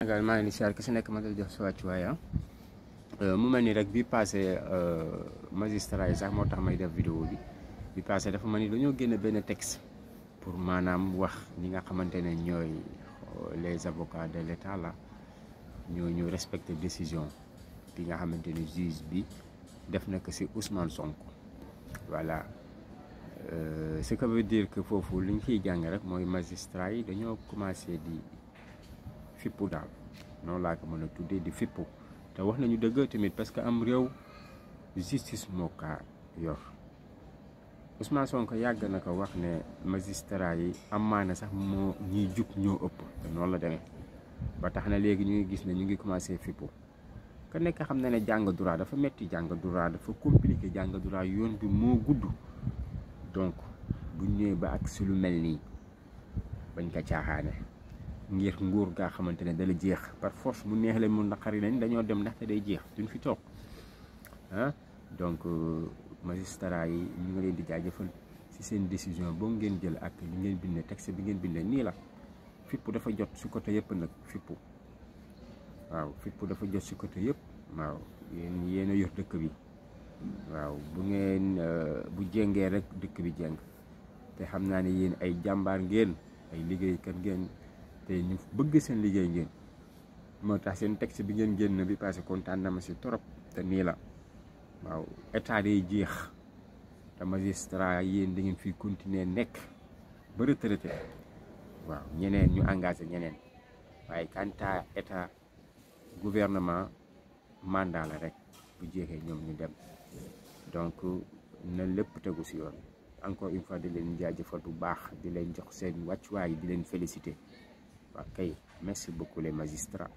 Sénégal maa ngi ki si nekk ma dal def si wàccuwaay ah. euh, mu mel ni rek bi passé euh, magistrat yi sax moo tax may def vidéo bi bi passé dafa mel ni dañoo génn benn texte pour maanaam wax ñi nga xamante ne ñooy euh, les avocats de l'État la ñoo ñu respecté décision bi nga xamante ne juge bi def na ko si Ousmane sonk voilà ce que veut dire que foofu li ñu ciy jàng rek mooy magistrat yi dañoo commencé di fippu daal noonu laa ko mën a tuddee di fippu te wax nañu dëgg tamit parce que am réew justice moo yor Ousmane Sonko yàgg na ko wax ne magistrat yi amaana sax moo ñiy jub ñoo ëpp te noonu la demee ba tax na léegi ñu ngi gis ne ñu ngi commencé fippu ka nekk xam na ne jàng droit dafa metti jàng droit dafa compliqué jàng droit yoon bi moo gudd donc bu ñëwee ba ak si lu mel nii bañ ko caaxaane ngir nguur gaa xamante ne dala jeex par force mu neex leen mu naqari leen dañoo dem ndaxte day jeex duñ fi toog ah donc euh, magistrat yi ñu ngi leen di jaajëfal ci seen décision boo ngeen jël ak li ngeen bindee texte bi ngeen bindee nii la fippu dafa jot ci côté yëpp nag fippu waaw fippu dafa jot ci côté yëpp waaw yéen yéen a yor dëkk bi waaw bu ngeen euh, bu jéngee rek dëkk bi jéng te xam naa ne yéen ay jàmbaar ngeen ay liggéeykat ngeen. te ñu bëgg seen liggéey ngeen moo tax seen texte bi ngeen génn bi parce que kontaan na ma si trop te nii la waaw état day jeex te magistrat yéen da fi continuer nekk ba retraité waaw ñeneen ñu engagé ñeneen waaye quant à état gouvernement mandat la rek bu jeexee ñoom ñu dem donc na lépp tegu si yoon encore une fois di leen jaajëfal bu baax di leen jox seen wàccuwaay di leen félicité waaw kay merci beaucoup les magistrats